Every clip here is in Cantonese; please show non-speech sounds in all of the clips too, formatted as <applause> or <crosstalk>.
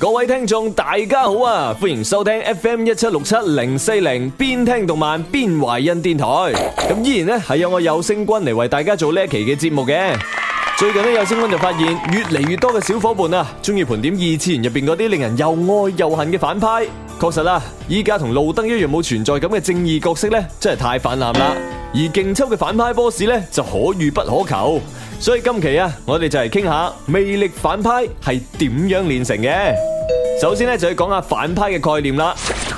各位聽眾大家好啊，歡迎收聽 FM 一七六七零四零邊聽動漫邊懷音電台。咁依然咧，係有我有聲君嚟，為大家做呢一期嘅節目嘅。最近咧有聲君就發現越嚟越多嘅小伙伴啊，中意盤點二次元入邊嗰啲令人又愛又恨嘅反派。確實啦，啊，依家同路燈一樣冇存在感嘅正義角色呢，真係太泛濫啦。而勁抽嘅反派 boss 咧就可遇不可求，所以今期啊，我哋就嚟傾下魅力反派係點樣煉成嘅。首先咧就要講下反派嘅概念啦。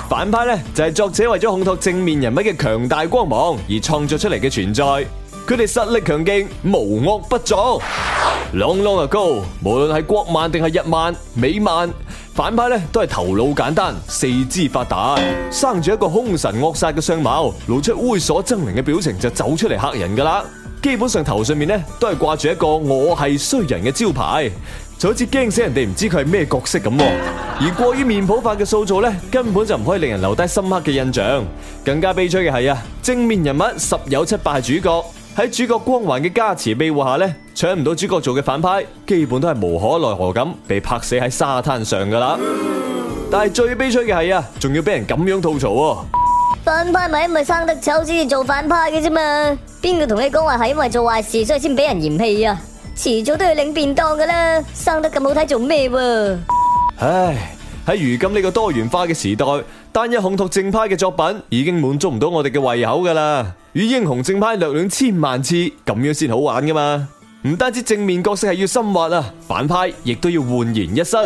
反派咧就係、是、作者為咗烘托正面人物嘅強大光芒而創作出嚟嘅存在。佢哋實力強勁，無惡不作，朗朗又高。無論係國漫定係日漫，美漫。反派咧都係頭腦簡單四肢發達，生住一個兇神惡煞嘅相貌，露出猥瑣猙獰嘅表情就走出嚟嚇人噶啦。基本上頭上面咧都係掛住一個我係衰人嘅招牌，就好似驚死人哋唔知佢係咩角色咁。而過於面譜化嘅塑造咧，根本就唔可以令人留低深刻嘅印象。更加悲催嘅係啊，正面人物十有七八係主角，喺主角光環嘅加持庇護下咧。搶唔到主角做嘅反派，基本都係無可奈何咁被拍死喺沙灘上噶啦。 <music> 但係最悲催嘅係啊，仲要俾人咁樣吐槽啊！反派咪唔係生得醜先至做反派嘅啫嘛？邊個同你講話係因為做壞事所以先俾人嫌棄啊？遲早都要領便當噶啦。生得咁好睇做咩、啊？唉，喺如今呢個多元化嘅時代，單一烘托正派嘅作品已經滿足唔到我哋嘅胃口噶啦。與英雄正派虐戀千萬次，咁樣先好玩噶嘛？唔單止正面角色係要深挖啊，反派亦都要煥然一新。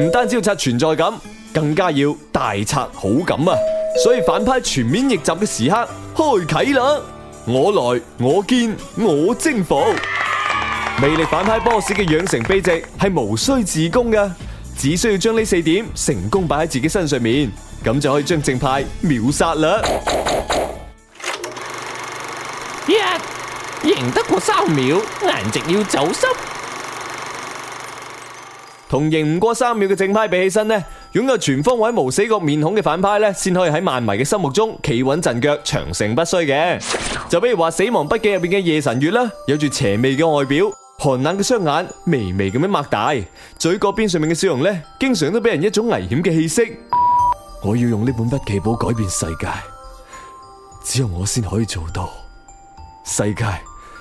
唔單止要刷存在感，更加要大刷好感啊！所以反派全面逆襲嘅時刻開啟啦！我來，我見，我征服。魅力反派 boss 嘅養成秘籍係無需自宮嘅，只需要將呢四點成功擺喺自己身上面，咁就可以將正派秒殺啦！贏得過三秒，顏值要走心。同贏唔過三秒嘅正派比起身呢，擁有全方位無死角面孔嘅反派咧，先可以喺漫迷嘅心目中企穩陣腳，長盛不衰嘅。就比如話《死亡筆記》入邊嘅夜神月啦，有住邪魅嘅外表，寒冷嘅雙眼微微咁樣擘大，嘴角邊上面嘅笑容咧，經常都俾人一種危險嘅氣息。我要用呢本筆記簿改變世界，只有我先可以做到。世界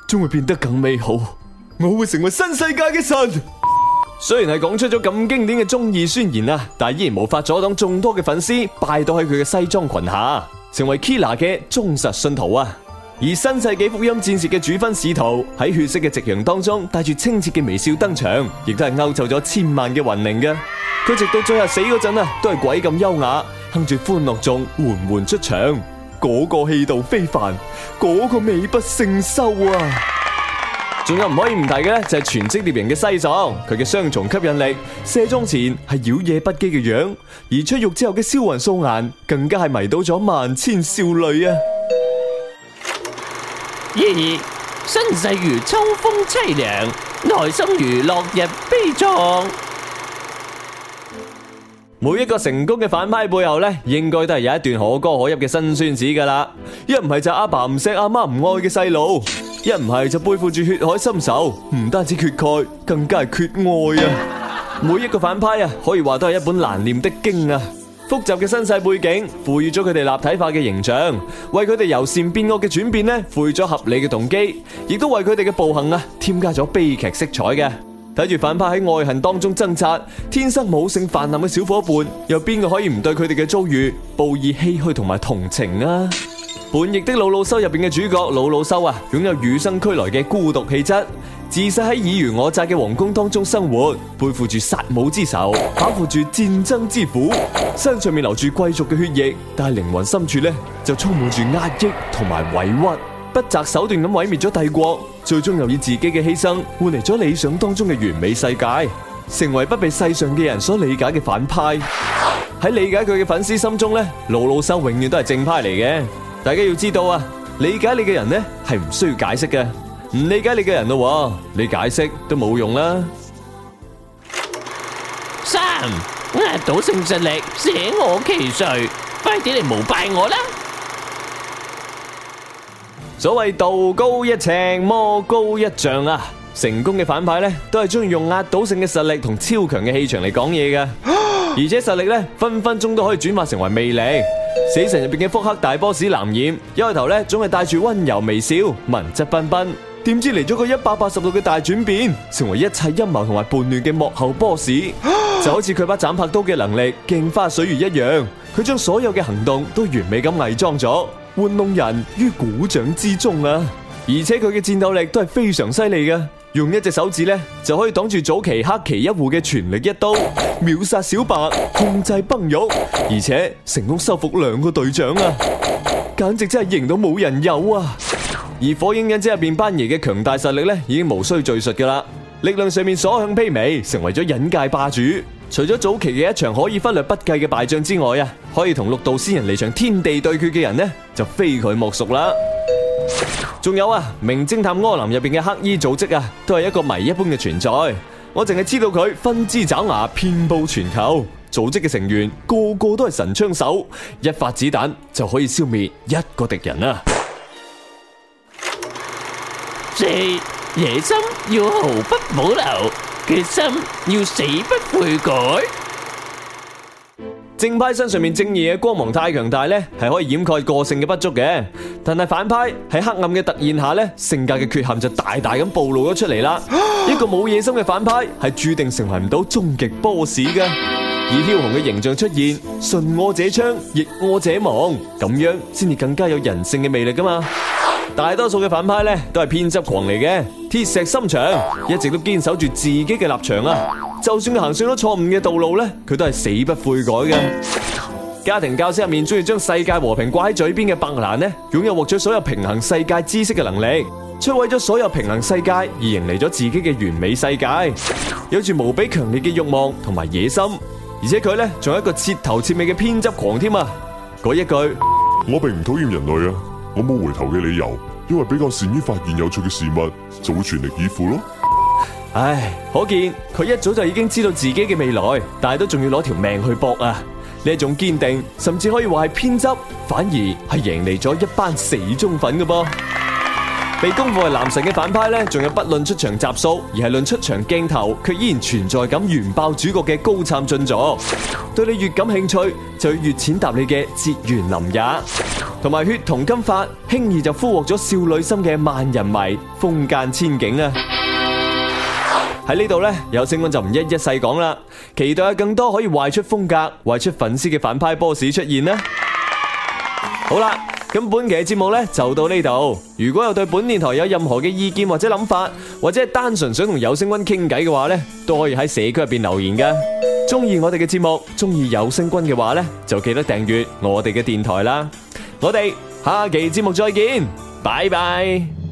將會變得更美好，我會成為新世界嘅神。 <noise> 雖然係講出咗咁經典嘅中意宣言啦，但依然無法阻擋眾多嘅粉絲拜倒喺佢嘅西裝裙下，成為 Kira 嘅忠實信徒啊！而新世紀福音戰士嘅渚薰使徒喺血色嘅夕陽當中，帶住清澈嘅微笑登場，亦都係勾走咗千萬嘅魂靈嘅。佢直到最後死嗰陣啊，都係鬼咁優雅，哼住歡樂頌緩緩出場。嗰個氣度非凡，嗰、那個美不勝收啊！仲有唔可以唔提嘅咧，就係、是、全職獵人嘅西索，佢嘅雙重吸引力，卸妝前係妖冶不羈嘅樣，而出浴之後嘅銷魂素顏，更加係迷倒咗萬千少女啊！然而身世如秋風淒涼，內心如落日悲壯。每一個成功嘅反派背後咧，應該都係有一段可歌可泣嘅辛酸史噶啦。一唔係就阿爸唔錫阿媽唔愛嘅細路，一唔係就背負住血海深仇，唔單止缺鈣，更加係缺愛啊！每一個反派啊，可以話都係一本難念的經啊。複雜嘅身世背景，賦予咗佢哋立體化嘅形象，爲佢哋由善變惡嘅轉變咧，賦予咗合理嘅動機，亦都爲佢哋嘅暴行啊，添加咗悲劇色彩嘅。睇住反派喺愛恨當中掙扎，天生母性泛濫嘅小伙伴，又邊個可以唔對佢哋嘅遭遇報以唏噓同埋同情啊？《叛逆的魯魯修》入邊嘅主角魯魯修啊，擁有與生俱來嘅孤獨氣質，自細喺爾虞我詐嘅皇宮當中生活，背負住殺母之仇，飽負住戰爭之苦，身上面流住貴族嘅血液，但係靈魂深處呢，就充滿住壓抑同埋委屈。不擇手段咁毀滅咗帝國，最終又以自己嘅犧牲換嚟咗理想當中嘅完美世界，成為不被世上嘅人所理解嘅反派。喺理解佢嘅粉絲心中咧，魯魯修永遠都係正派嚟嘅。大家要知道啊，理解你嘅人呢係唔需要解釋嘅，唔理解你嘅人嘅話，你解釋都冇用啦。三，壓倒性實力，捨我其誰，快啲嚟膜拜我啦！.所謂道高一尺，魔高一丈啊！成功嘅反派咧，都係中意用壓倒性嘅實力同超強嘅氣場嚟講嘢㗎， <laughs> 而且實力咧分分鐘都可以轉化成為魅力。死神入邊嘅腹黑大 boss 藍染，一開頭咧總係帶住溫柔微笑，文質彬彬，點知嚟咗個一百八十度嘅大轉變，成為一切陰謀同埋叛亂嘅幕後 boss。 <laughs> 就好似佢把斬魄刀嘅能力鏡花水月一樣，佢將所有嘅行動都完美咁偽裝咗。玩弄人於鼓掌之中啊！而且佢嘅戰鬥力都係非常犀利嘅，用一隻手指呢，就可以擋住早期黑崎一護嘅全力一刀，秒殺小白，控制崩玉，而且成功收服兩個隊長啊！簡直真係贏到冇人有啊！而火影忍者入邊斑爺嘅強大實力呢，已經無需贅述噶啦，力量上面所向披靡，成為咗忍界霸主。除咗早期嘅一場可以忽略不計嘅敗仗之外啊，可以同六道仙人嚟場天地對決嘅人呢，就非佢莫屬啦。仲有啊，名偵探柯南入邊嘅黑衣組織啊，都係一個謎一般嘅存在。我淨係知道佢分支爪牙遍佈全球，組織嘅成員個個都係神槍手，一發子彈就可以消滅一個敵人啊！四、野心要毫不保留。決心要死不悔改，正派身上面正義嘅光芒太強大咧，係可以掩蓋個性嘅不足嘅。但係反派喺黑暗嘅突現下咧，性格嘅缺陷就大大咁暴露咗出嚟啦。 <laughs> 一個冇野心嘅反派係注定成為唔到終極 boss 嘅。以梟雄嘅形象出現，順我者昌，逆我者亡，咁樣先至更加有人性嘅魅力噶嘛。大多數嘅反派咧都係偏執狂嚟嘅。鐵石心腸，一直都堅守住自己嘅立場啊！就算佢行上咗錯誤嘅道路咧，佢都係死不悔改嘅。家庭教師入面中意將世界和平掛喺嘴邊嘅白蘭呢，擁有獲取所有平衡世界知識嘅能力，摧毀咗所有平衡世界而迎嚟咗自己嘅完美世界，有住無比強烈嘅欲望同埋野心，而且佢咧仲有一個徹頭徹尾嘅偏執狂添啊！嗰一句，我並唔討厭人類啊，我冇回頭嘅理由。因為比較善於發現有趣嘅事物，就會全力以赴咯。唉，可見佢一早就已經知道自己嘅未來，但係都仲要攞條命去搏啊！呢一種堅定，甚至可以話係偏執，反而係迎嚟咗一班死忠粉嘅噃。未功夫係男神嘅反派呢，仲有不論出場集數，而係論出場鏡頭，卻依然存在感完爆主角嘅高產進度。對你越感興趣，就越淺答你嘅節緣林也，同埋血同金髮，輕易就俘獲咗少女心嘅萬人迷風間千景啊。喺呢度呢，有聲溫就唔一一細講啦。期待有更多可以壞出風格、壞出粉絲嘅反派 boss 出現啦。好啦。咁本期嘅節目咧就到呢度。如果有對本電台有任何嘅意見或者諗法，或者係單純想同有聲君傾偈嘅話咧，都可以喺社區入邊留言噶。中意我哋嘅節目，中意有聲君嘅話咧，就記得訂閱我哋嘅電台啦。我哋下期節目再見，拜拜。